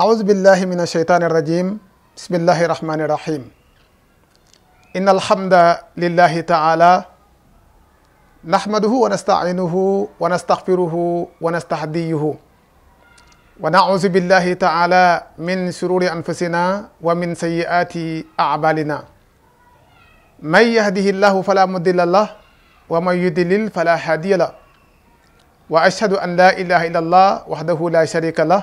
أعوذ بالله من الشيطان الرجيم بسم الله الرحمن الرحيم إن الحمد لله تعالى نحمده ونستعينه ونستغفره ونستهديه ونعوذ بالله تعالى من شرور أنفسنا ومن سيئات أعمالنا من يهده الله فلا مضل له ومن يدلل فلا هادي له وأشهد أن لا إله إلا الله وحده لا شريك له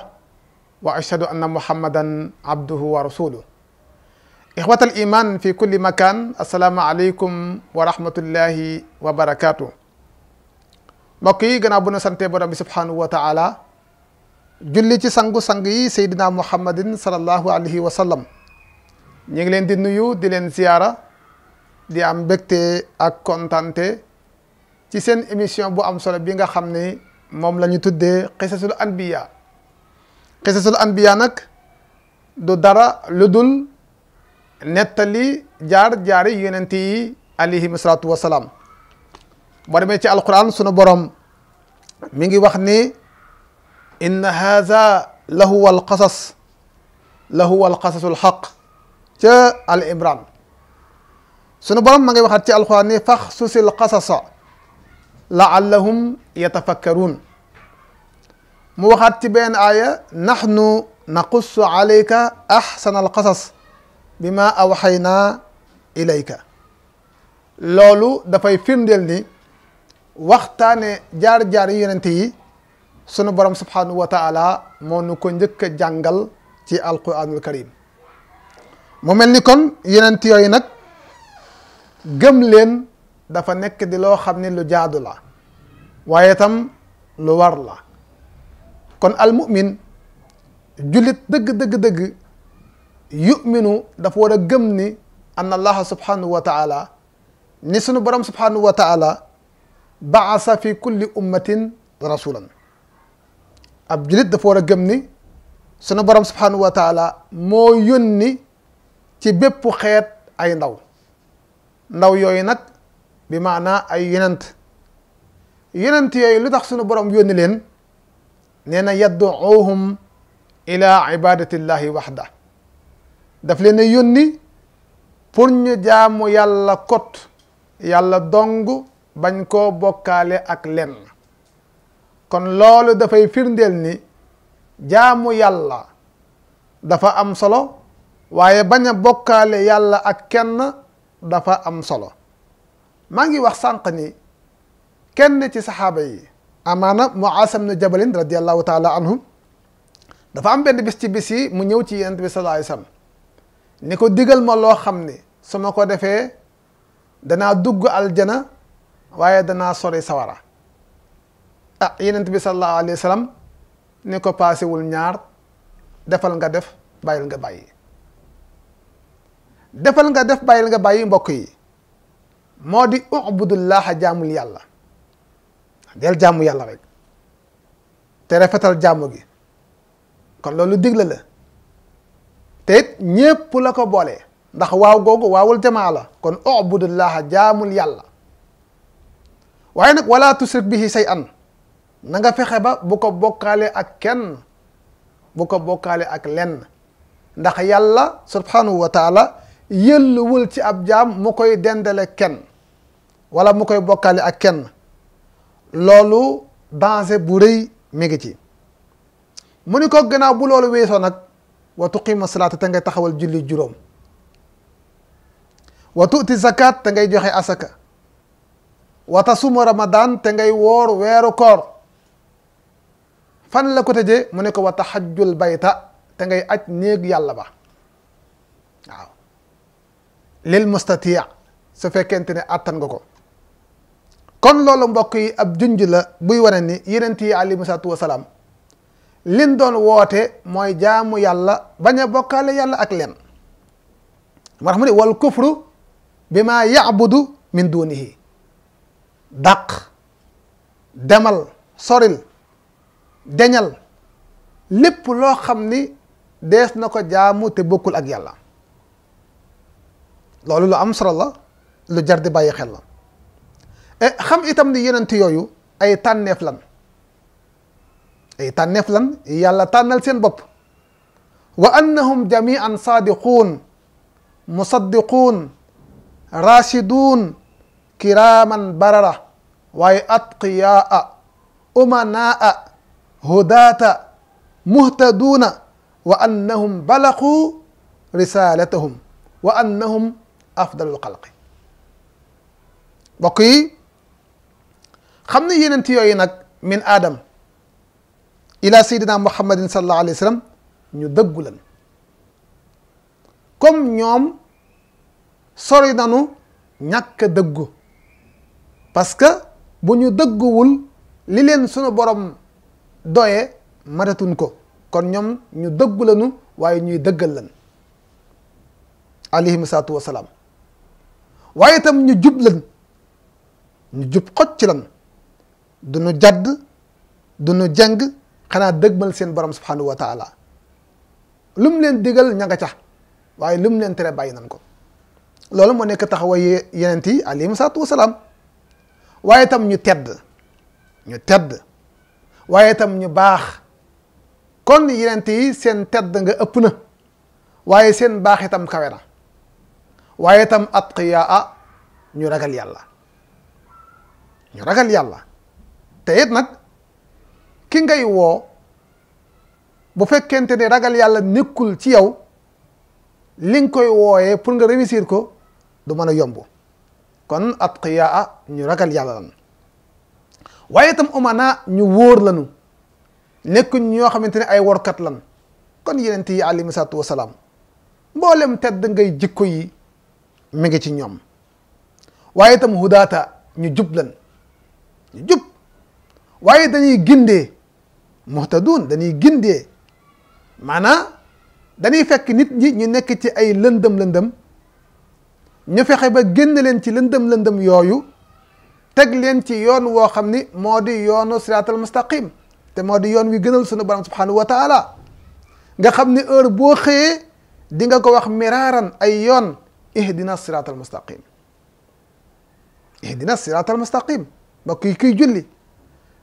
وأشهد أن محمدا عبده ورسوله إخوة الإيمان في كل مكان السلام عليكم ورحمة الله وبركاته مكي جنابنا سنتي برب سبحانه وتعالى julli ci sangu sang yi seydina muhammadin sallallahu alayhi wa sallam ñu ngi دي di nuyu di leen ziyaara di am ci seen émission bu am solo bi nga xam ni moom la ñu tuddee xisasul anbiya xisasul anbiya nag du dara lu dul nettali jaar-jaari yonent yi alayhim salaatu wasalaam boo demee ci alquran sunu borom mi ngi wax ni inna haza lahuwa alqasas lahuwa alqasasu alxaq ca al imran sunu borom ma ngi waxaat ci alquran ni faxsusil qasasa laallahum yatafakkaruun mu waxaat ci benn aaya naxnu naqussu alayka axsana alqasas bi ma awxaynaa ilayka loolu dafay firndeel ni waxtaane jaar-jaar yi yi sunu borom subhaanahu wa moo nu ko njëkk a jàngal ci alquranul karim mu mel ni kon yonent yooyu nag gëm leen dafa nekk di loo xam ne lu jaadu la waaye tam lu war la kon almumin jullit dëgg dëgg dëgg yuminu dafa war a gëm ni anna allaha subhanahu wa taala ni sunu borom subhanahu wa taala baasa fi kulli ummatin rasulan ab jullit dafa war a gëm ni sunu borom subhanahu wa taala moo yónni ci bépp xeet ay ndaw ndaw yooyu nag bi maanaa ay yenent yonent yooyu lu tax sunu borom yónni leen nee na yadduuhum ila ibadatillahi waxda daf leen a yónni pour ñu jaamu yàlla kot yàlla dong bañ koo bokkaale ak lenn kon loolu dafay firndeel ni jaamu yàlla dafa am solo waaye bañ a bokkaale yàlla ak kenn dafa am solo maa ngi wax sànq kenn ci saxaaba yi amaana asam ibn Jabalin radiallahu taala anhu dafa am benn bis ci bis yi mu ñëw ci yonent bi sallallahu alayhi ni ko digal ma loo xam ni su ma ko defee danaa dugg aljana waaye danaa sori sawara ah yonent bi sallallahu alayhi wasallam ni ko paasewul ñaar defal nga def bàyyil nga bàyyi defal nga def bàyyil nga bàyyi mbokk yi moo di ubudullaha jaamul yàlla del jaamu yàlla rek te rafetal jaamu gi kon loolu digle la te it ñépp la ko boole ndax waaw googu waawul jamaa la kon ubudullaha jaamul yàlla waaye nag wala tusrik bihi shay'an na nga fexe ba bu ko bokkaale ak kenn bu ko bokkaale ak lenn ndax yàlla subhanahu wa taala ci ab jaam mu koy dendale kenn wala mu koy bokkaale ak kenn loolu danger bu rëy mi ngi ci mu ni ko gannaaw bu loolu weesoo nag wa tuqima salaata te ngay taxawal julli juróom wa tuuti zakat te ngay joxe asaka wa tasuma ramadan te ngay woor weeru koor fan la ko tëjee mu ne ko wa taxajjul bayta te ngay aj néeg yàlla ba waaw lil mustatia su fekkente ne attan nga ko kon loolu mbokk yi ab junj la buy wane ni yenent yi alayhi salaatu wasalaam liñ doon woote mooy jaamu yàlla bañ a bokkaale yàlla ak leen moo tax mu wal kufru bi maa yaabudu min dunihi dàq demal soril deñal lépp loo xam ni dees na ko jaamu te bokkul ak yàlla loolu lu am solo la lu jar di bàyyi xel la xam itam ni yonent yooyu ay tànneef lan ay tànneef lan yàlla tànnal seen bopp wa annahum jamian saadiquun musaddiquun raashiduun kiraman barara waaye atqiyaa umanaa hudaata muhtaduuna wa annahum balaquu risaalatahum wa annahum afdalul xalqi mbokk yi xam ne yenent yooyu nag min aadam ila sayyidina muhammadin sallallahu alayhi wa sallam ñu dëggu lan comme ñoom sori nanu ñàkk dëggu parce que bu ñu dëgguwul li leen sunu borom doye matatuñ ko kon ñoom ñu dëggu lanu waaye ñuy dëggal lan alayhim salaatu wasalaam waaye itam ñu jub lan ñu jub xoj ci lan du nu jadd du nu jàng xanaa dëgmal seen borom subhanahu wa taala lu mu leen digal ña waaye lu mu leen tere bàyyi nan ko loolu moo nekk taxawaay yeneen yi alayhi salaatu wasalaam waaye tam ñu tedd ñu tedd waaye tam ñu baax kon yeneen yi seen tedd nga ëpp na waaye seen baax itam kawe na waaye tam atqiyaa ñu ragal yàlla ñu ragal yàlla te it nag ki ngay woo bu fekkente ne ragal yàlla nekkul ci yow li nga koy wooyee pour nga réussir ko du mën a yomb kon atqiyaa ñu ragal yàlla lan waaye itam umanaa ñu wóor lanu nekkuñ ñoo xamante ne ay workat lan kon yenent yi alayhi salaatu wasalaam mboolem tedd ngay jikko yi mi ngi ci ñoom waaye itam hudaata ñu jub lan ñu jub waaye dañuy gindee muhtadun dañuy gindee maanaa dañuy fekk nit ñi ñu nekk ci ay lëndëm lëndëm ñu fexe ba génn leen ci lëndëm lëndëm yooyu teg leen ci yoon woo xam ni moo di yoonu siraatal mustaqim te moo di yoon wi gënal sunu borom subhanahu wa taala nga xam ni heure boo xëyee di nga ko wax miraaran ay yoon ihdina siraatal mustaqim ihdina siraatal mustaqim mbokk julli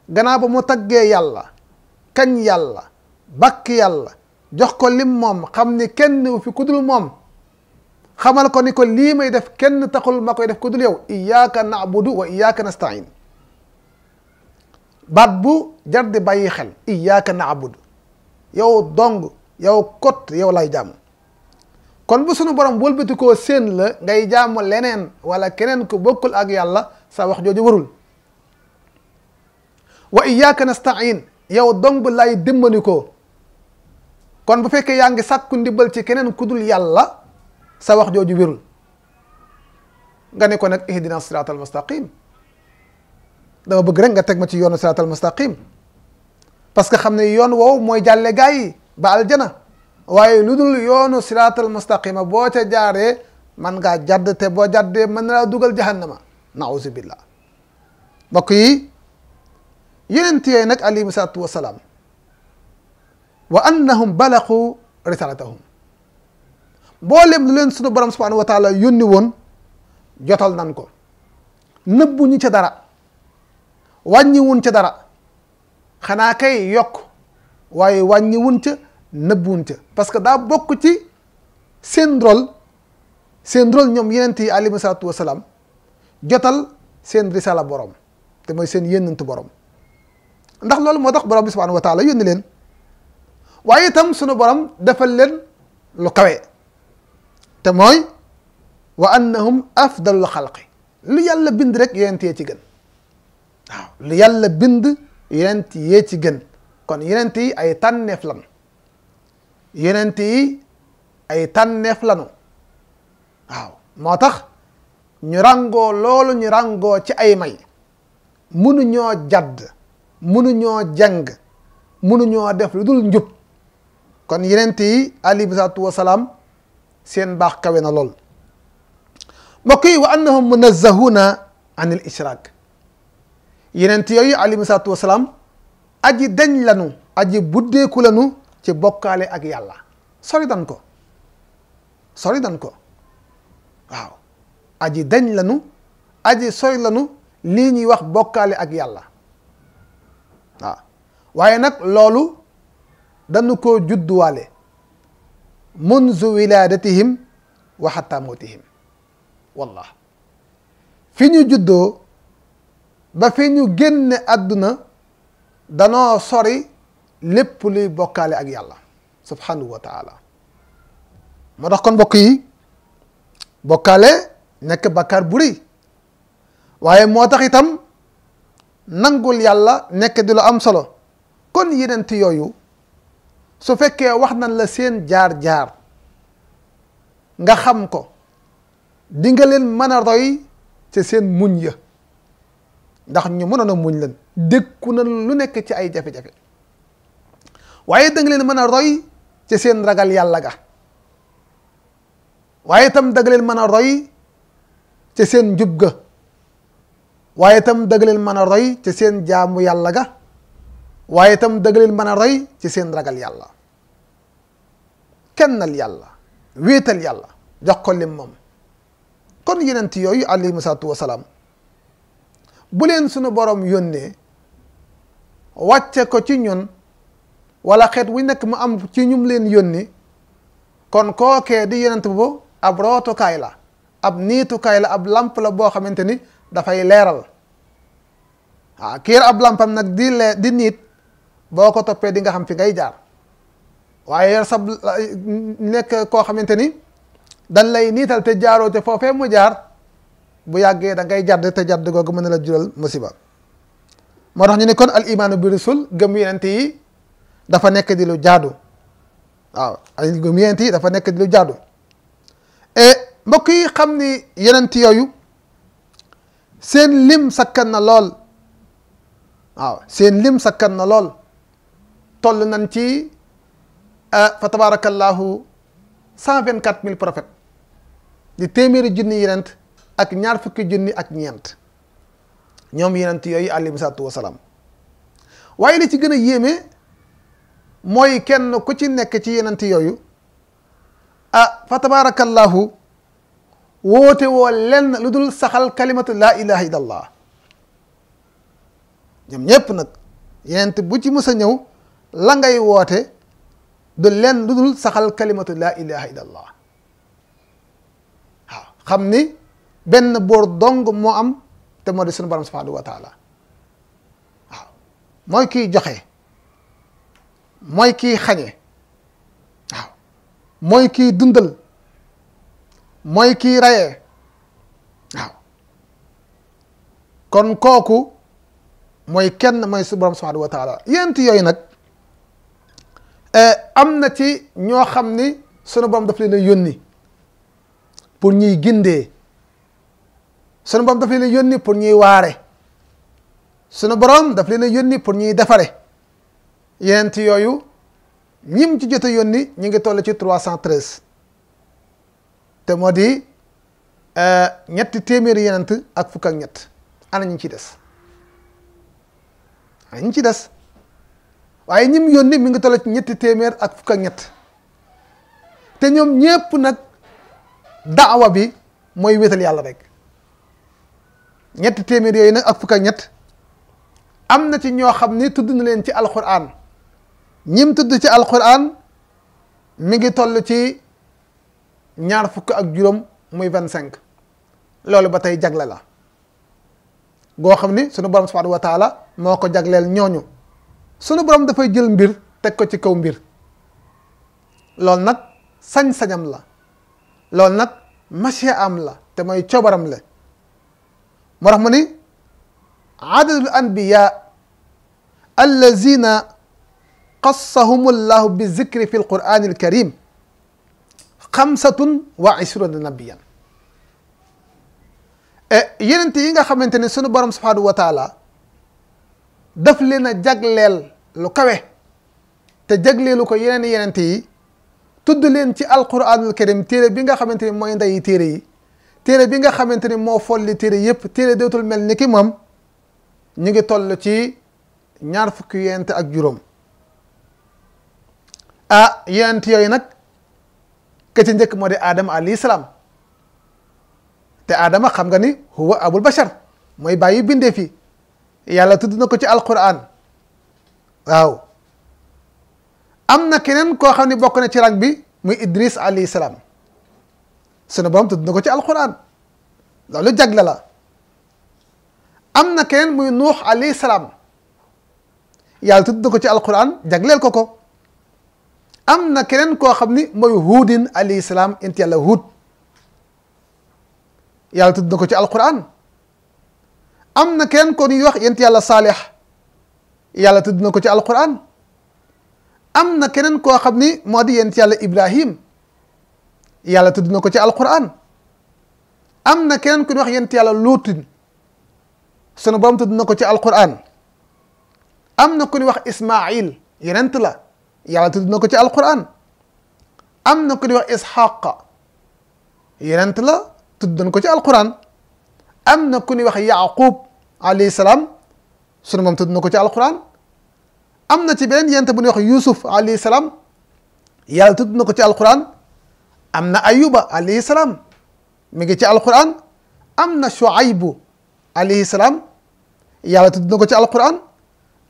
gannaaw ba mu taggee yàlla kañ yàlla bakk yàlla jox ko lim moom xam ni kenn wu fi kudul moom xamal ko ni ko lii may def kenn taxul ma koy def kudul yow iyyaka na'budu wa iyyaka nasta'in baat bu jar di bàyyi xel na na'budu yow dong yow kot yow lay jaamu kon bu sunu borom wëlbatikoo seen la ngay jaamu leneen wala keneen ku bokkul ak yàlla sa wax jooju warul wa iyyaka nasta'in yow dong lay dimbali ko kon bu fekkee yaa ngi sàkku ndimbal ci keneen ku dul yàlla sa wax jooju wirul nga ne ko nag ihdina siraatal mustaqim dama bëgg rek nga teg ma ci yoonu siraatal mustaqim parce que xam ne yoon woowu mooy jàlle gaa yi ba aljana waaye lu dul yoonu siraatal mustaqima boo ca jaaree man ngaa jàdd te boo jàddee mën na laa dugal jahannama nauzu billah mbokk yi yenent yooyu nag alayhim salaam wassalaam wa annahum balaqu risalatahum mboolem lu leen sunu borom subhanahu wa taala yónni woon jotal nan ko nëbbuñu ca dara wàññiwun ca dara xanaa kay yokk waaye wàññiwun ca nëbbuwun ca parce que daa bokk ci seen rôle seen rôle ñoom yenent yi alayhim salaatu wassalaam jotal seen risala borom te seen seen yénnantu borom ndax loolu moo tax borom bi subhanahu wa taala yónni leen waaye itam sunu borom defal leen lu kawe te mooy wa annahum afdalul xalqi lu yàlla bind rek yonent yee ci gën waaw lu yàlla bind yonent yee ci gën kon yonent yi ay tànneef lanu yonent yi ay tànneef lanu waaw moo tax ñu ràngoo loolu ñu ci ay may mënuñoo jadd mënuñoo jàng mënuñoo def lu dul njub kon yenent yi alayhi salaatu wasalaam seen baax kawe na lool mbokk yi wa annahum munazzahuna an al ishrak yenent yooyu alayhi salaatu wasalaam aji dañ lanu aji buddeeku lanu ci bokkaale ak yàlla sori dan ko sori ko waaw aji dañ lanu aji sori lanu lii ñuy wax bokkaale ak yàlla waaw waaye nag loolu dañu koo judduwaale munzu wiladatihim wa hatta mawtihim wallah fi ñu juddoo ba fi ñu génne àdduna danoo sori lépp luy bokkaale ak yàlla subhanahu wa taala moo tax kon mbokk yi bokkaale nekk bakkaar bu waaye moo tax nangul yalla nek di lu am solo kon yenent yoyu su fekke wax nan la sen jaar-jaar nga xam ko di nga len mën roy ci sen muñ ya ndax ñu mënoon na muñ len dékku na lu nek ci ay jafé jafé waye da nga len roy ci sen ragal yalla ga waye tam da nga len mën roy ci sen waaye itam dëgg leen mën a roy ci seen jaamu yàlla ga waaye tam dëgg leen mën a roy ci seen ragal yàlla kennal yàlla wéetal yàlla jox ko lim moom kon yenent yooyu alayhi salaatu wasalaam bu leen sunu borom yónnee wàcce ko ci ñun wala xeet wu nekk mu am ci ñum leen yónni kon kookee di yenent bu ab rootukaay la ab niitukaay la ab làmp la boo xamante ni fay leral ha ablam ab lampam nak di le di nit boko topé di nga xam fi ngay jaar waye yar sab nek ko xamanteni Dan lay nital te jaaro te fofé mu jaar bu yagge da ngay jadd te jadd gogu mën la jural musiba mo tax ñu ne kon al iman bi rusul gëm yonent yi dafa nek di lu jaadu waaw ay gëm yi dafa nek di lu jaadu e mbokk yi xamni yenente yoyu seen lim sakkan na lool waaw seen lim sakkan na lool toll nañ ci ah, fa tabarakallahu cent vingt quatre mille prophètes di téeméeri junni yenent ak ñaar fukki junni ak ñeent ñoom yenent yooyu alayhi salaatu wasalaam waaye li ci gën a yéeme mooy kenn ku ci nekk ci yenent yooyu ah fa tabarakallahu woote woo lenn lu dul saxal kalimatu laa ilaha illa allah ñoom ñépp nag yenent bu ci mës a ñëw la ngay woote du lenn lu dul saxal kalimatu la ilaha illa allah waaw xam ni benn boor dong moo am te moo di sunu borom subhanahu wa taala mooy kiy joxe mooy kiy xañe waaw mooy ki dundal mooy kii rayee waaw kon kooku mooy kenn mooy su borom subhanahu wa taala yent yooyu nag eh, am na ci ñoo xam ni sunu bom daf leen a yónni pour ñuy gindee sunu borom daf leen a yónni pour ñuy waare sunu borom daf leen a yónni pour ñuy defare yent yooyu ñim ci jot a yónni ñu ngi toll ci trois cent treize te moo di eh, ñetti téeméeri yenent ak fukk ak ñett ana ñu ci des ana ñu ci des waaye ñi mu yónni mi ngi toll ci ñetti téeméer ak fukk ak ñett te ñoom ñépp nag daawa bi mooy wéetal yàlla rek ñetti téeméer yooyu nag ak fukk ak am na ci ñoo xam ni tudd na leen ci alquran ñim tudd ci alquran mi ngi toll ci ñaar fukk ak juróom muy vingt cinq loolu ba tey jagle la goo xam ni sunu borom subhanahu wa moo ko jagleel ñooñu sunu borom dafay jël mbir teg ko ci kaw mbir loolu nag sañ-sañam la loolu nag masia am la te mooy coobaram la moo tax mu ni adadul anbiya allazina qassahum allahu bi zikri fi alqurani alkarim waa wa na nabiyan e, yenent yi nga xamante ne sunu borom subhanahu wa taala daf leen a jagleel lu kawe te jagleelu ko yeneen yenent yi tudd leen ci alquranul karim téere bi nga xamante ni mooy ndeyi téere yi téere bi nga xamante ni moo folli téere yépp téere dootul mel ni ki moom ñu ngi toll ci ñaar fukki yenent ak juróom a yenent yooyu nag ke ci njëkk moo di aadama alayhi salaam te aadama xam nga ni huwa abul bashar mooy bàyyi bindee fi yàlla tudd na ko ci alquran waaw am na keneen koo xam ne bokk na ci rang bi muy idris alayhi salaam sunu borom tudd na ko ci alquran loolu jagle la am na keneen muy nuux alayhi salaam yàlla tudd na ko ci alquran jagleel ko ko أمنا كرين كو خبني ميهودين علي إسلام انت يا لهود يا لتدنكو تي القرآن أمنا كرين كو نيوخ انت يا لصالح يا لتدنكو تي القرآن أمنا كرين كو خبني مودي انت يا لإبراهيم يا لتدنكو تي القرآن أمنا كرين كو نيوخ انت يا لوتين سنبام تدنكو تي القرآن أمنا كو نيوخ إسماعيل ينتلا يعني yàlla tudd na ko ci alquran am na ko di wax isxaqa yenent la tudd nañ ko ci alquran am na ku ni wax yaqub alayhi salaam sunu moom tudd na ko ci alquran am na ci beneen yent bu ñuy wax yusuf alayhi salaam yàlla tudd ko ci alquran am na ayuba alayhi salaam mi ngi ci alquran am na shuaybu alayhi salaam yàlla tudd ko ci alquran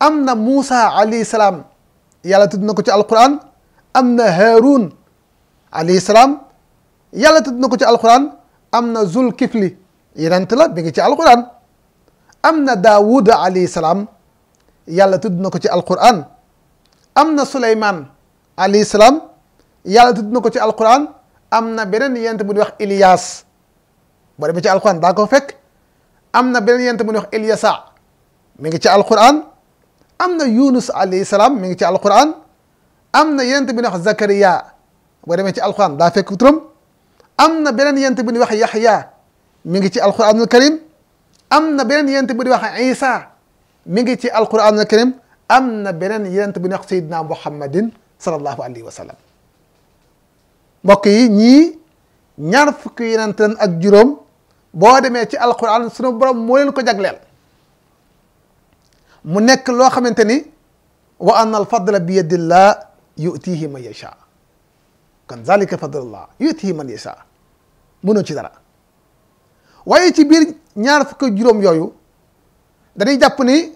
am na muusa alayhi salaam yàlla tudd na ko ci alquran am na Haarun alayhi salaam yàlla tudd na ko ci alquran am na Zul Kifli yonent la bi ngi ci alquran am na Daawuda alayhi salaam yàlla tudd na ko ci alquran am na Suleymaan alayhi salaam yàlla tudd na ko ci alquran am na beneen yonent bu ñuy wax Iliyaas boo demee ci alquran daa ko fekk am na beneen yonent bu ñuy wax Ilyasa mi ngi ci alquran. am na yunus alayhi salaam mi ngi ci alquran am na yent bi ñuy wax zakariya boo demee ci alquran daa fekk turam am na beneen yent bi ñuy wax yaxya mi ngi ci alquranul karim am na beneen yent bi ñuy wax isa mi ngi ci alquranul karim am na beneen yent bi ñuy wax sayidna muhammadin sallallahu alayhi wa sallam mbokk yi ñii ñaar fukki yeneen ak juróom boo demee ci alquran sunu borom moo ko jagleel mu nekk loo xamante ni wa anna al fadla bi yadillah yutihi man yasha kan zalika fadlullah yutihi man yasha mënoo ci dara waaye ci biir ñaar fukk juróom yooyu dañuy jàpp ni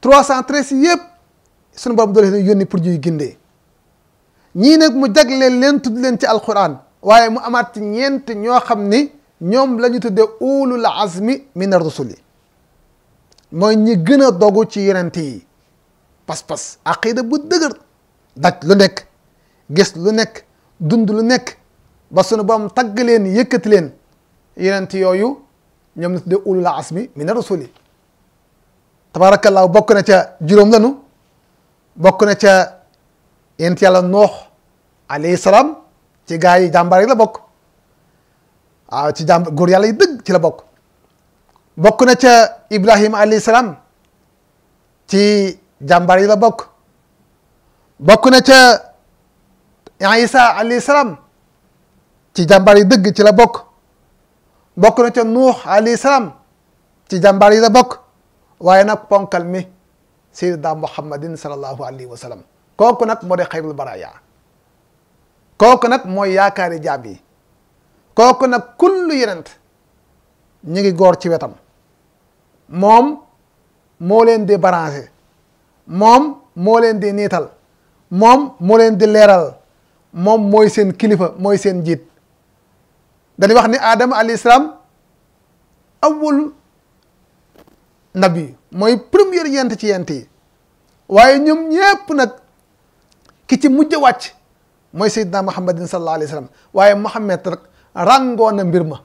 trois cent treize yëpp sunu boroom doole yónni pour ñuy gindee ñii nag mu jag leen tudd leen ci alquran waaye mu amaat ñeent ñoo xam ni ñoom la ñu tuddee ulul azmi min ar mooy ñi gën a dogu ci yonent yi pas-pas aqida bu dëgër daj lu nekk gis lu nekk dund lu nekk ba sunu borom tagg leen yëkkati leen yonent yooyu ñoom la tuddee ulul azmi mina rasuli tabaarakallaahu bokk na ca juróom lanu bokk na ca yonent yàlla noox alayhi salaam ci gaa yi jàmbaar yi la bokk waaw ci jàmbaar góor yàlla yi ci la bokk bokk na ca ibrahima alayhi salaam ci jàmbaar yi la bokk bokk na ca isa alayhi salaam ci jàmbaar yi dëgg ci la bokk bokk na ca nuux alayhi salaam ci jàmbaar yi la bokk waaye nag ponkal mi sayyidina muhammadin sallallahu alayhi wa sallam kooku nag moo de xayrul baraya kooku nag mooy yaakaari jaam yi kooku nag kullu yenent ñu ngi góor ci wetam moom moo leen di moom moo leen di niital moom moo leen di leeral moom mooy seen kilifa mooy seen njiit dañuy wax ni aadama alayhi salaam awwalu nabi mooy première yent ci yent yi waaye ñoom ñépp nag ki ci mujj wàcc mooy seydina muhammadin sallallahu alayhi wa sallam waaye muhammad rek ràngoo na mbir ma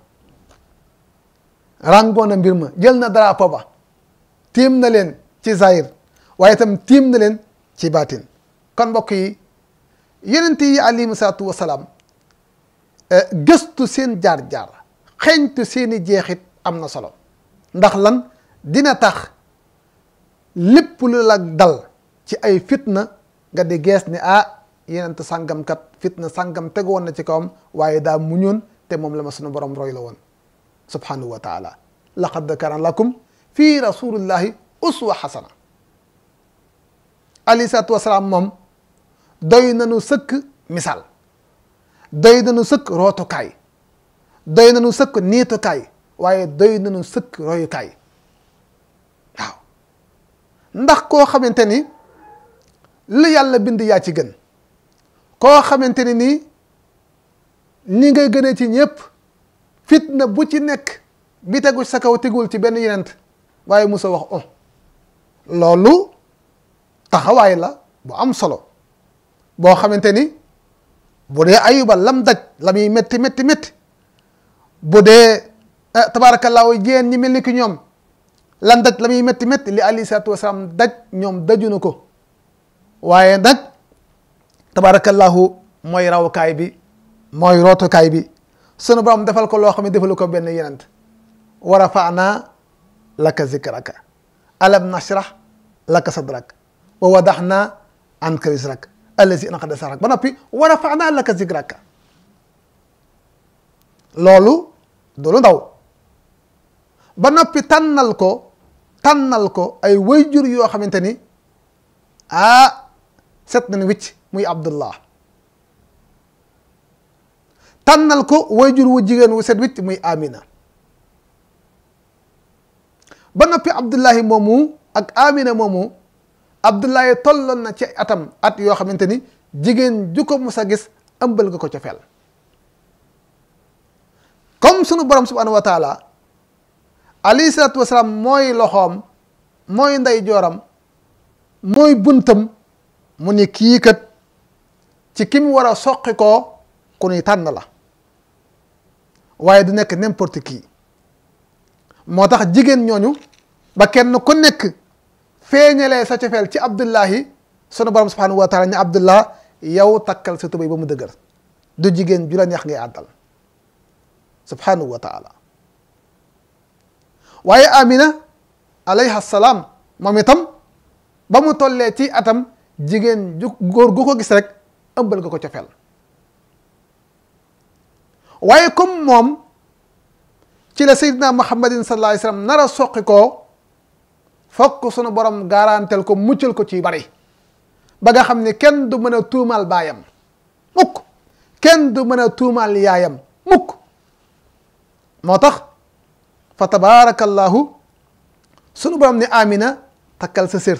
ràngoo na mbir ma jël na drapeau ba tiim na leen ci zahir waaye itam tiim na leen ci baatin kon mbokk yi yonent yi alayhimu salaatu wasalaam e, gëstu seen jaar-jaar xeeñtu seeni jeexit am na solo ndax lan dina tax lépp lu la dal ci ay fitna nga di gees ni ah yenent sàngamkat fitna sangam tegu woon na ci kawam waaye daa muñoon te moom la ma sunu borom roy la woon subhanahu wa taala laqad dakara lakum fii uswa xasana alayhi salaatu wasalaam moom doy nañu sëkk misaal doy nañu sëkk rootukaay doy nañu sëkk niitukaay waaye doy nañu sëkk royukaay waaw ndax koo xamante ni lu yàlla bind yaa ci gën koo xamante ni nii ni ngay gënee ci ñëpp fitna bu ci nekk bi tegu sa kaw tegul ci benn yenent waaye musa wax o oh, loolu taxawaay la bu am solo boo xamante ni bu dee ayuba lam daj la muy métti métti métti bu dee eh, tabaarakallaahu jéen ñi mel ni ki ñoom lan daj la muy metti métti li alayhi salaatu wasalaam daj ñoom daju na ko waaye nag tabaarakallaahu mooy rawkaay bi mooy rootukaay bi sunu borom defal ko loo xam ne defalu ko benn yenent wa rafanaa laka zikraka alam nashrah laka sadrak wa wadaxnaa anka wisrak allazi anqada sarak ba noppi wa rafanaa laka zikraka loolu du lu ndaw ba noppi tànnal ko tànnal ko ay wayjur yoo xamante ni ah set nañ wicc muy abdullah tanal ko wayjur wu jigen wu set wicc muy amina ba nopi abdullahi momu ak amina momu abdullahi tollon na ci atam at yo xamanteni jigen juko musa gis ambal ko ci fel comme sunu borom subhanahu wa taala Ali salatu wasallam moy loxom moy ndey joram moy buntam mu ne ki kat ci kim wara ko la waaye du nekk n'importe qui moo tax jigéen ñooñu ba kenn ku nekk feeñalee sa cofeel ci abdullahi sunu borom subhanahu wa taala ñu abdullah yow takkal sa tubéy ba mu dëgër du jigéen ju la neex ngay àddal subhanahu wa taala waaye amina alayha salaam moom itam ba mu tollee ci atam jigéen ju góor gu ko gis rek ëmbal nga ko cofeel waye comme mom ci la sayyidina muhammad sallallahu alayhi wasallam nara a soqi koo fokk sunu borom garantel ko muccal ko ci bari ba nga xam kenn du mën a tuumaal mukk kenn du mën a yaayam mukk moo fa tabaarakallahu sunu borom ne amina takkal sa sér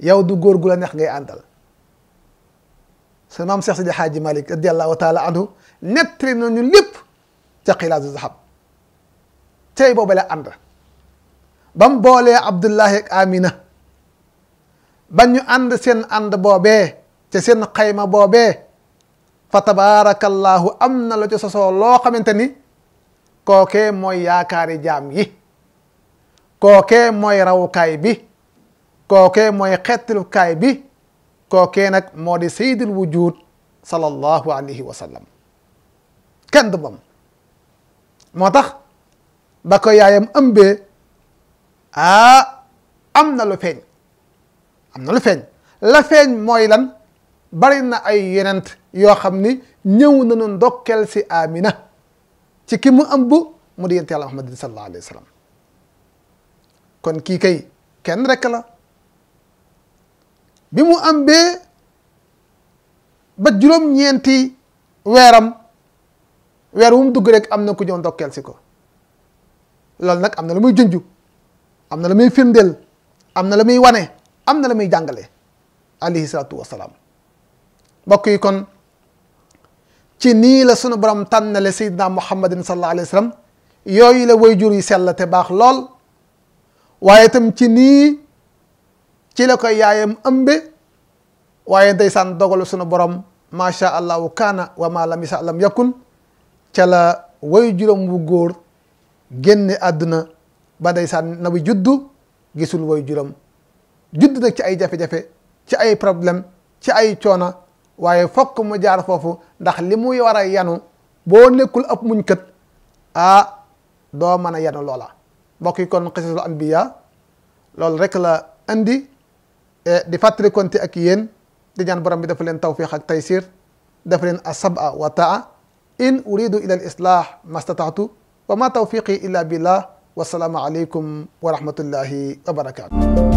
yow du góor gu la neex ngay àndal sa maam Cheikh Sidi Xaaji Malik radiallahu taala anhu nettali nañu lépp ca xilaasu zahab tey boobu la ànd ba mu boolee Abdullahi ak Amina ba ñu ànd seen ànd boobee ca seen xayma boobe fa tabaarakallahu am na la ca sosoo loo xamante ni kookee mooy yaakaari jaam yi kookee mooy rawukaay bi kookee mooy xettalukaay bi kookee nag moo di sayyidul wujud sallallahu alayhi wa sallam kenn du moom moo tax ba ko yaayam ëmbee ah am na lu feeñ am na lu feeñ la feeñ mooy lan bari na ay yenent yoo xam ni ñëw nañu ndokkeel si Amina ci ki mu ëmb mu di yent yàlla Muhammad sallallahu alayhi wa sallam kon kii kay kenn rekk la bi mu am bee ba juróom-ñeenti weeram weer wum mu dugg rek am na ku ñëw ndokkeel si ko loolu nag am na la muy junju am na la muy firndeel am na la muy wane am na la muy jàngale alayhi salaatu wasalaam mbokk yi kon ci nii la sunu borom tànnale sayyidina muhammadin sallallahu alayhi wa sallam yooyu la way jur yi sell te baax lool waaye itam ci ci la koy yaayam ëmbe waaye ndeysaan dogalu sunu borom macha allahu kaana wa ma lam yasa lam yakun ca la way juróom wu góor génne àdduna ba ndeysaan na bu juddu gisul way juróom judd na ci ay jafe-jafe ci ay problème ci ay coona waaye fokk mu jaar foofu ndax li muy war yanu boo nekkul a muñ kët ah doo mën a yanu loola mbokk yi kon xisasul anbiya loolu rek la indi di fàttali konte ak yéen di ñaan borom bi dafa leen tawfiq ak taysir dafa leen asaba wa taa in uridu ila al islah mastataatu wa ma tawfiqi illa billah wasalaamu aleykum wa rahmatullahi wa barakatuh